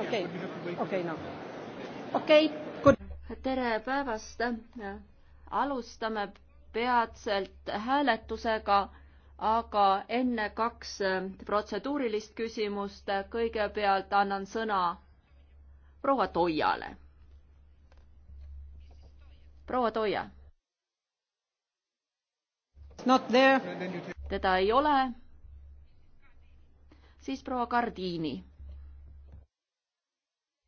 okei, okei, noh. okei, good. tere päevast. alustame peatselt hääletusega, aga enne kaks protseduurilist küsimust. kõigepealt annan sõna proua Toiale. proua Toia. teda ei ole siis proua Gardiini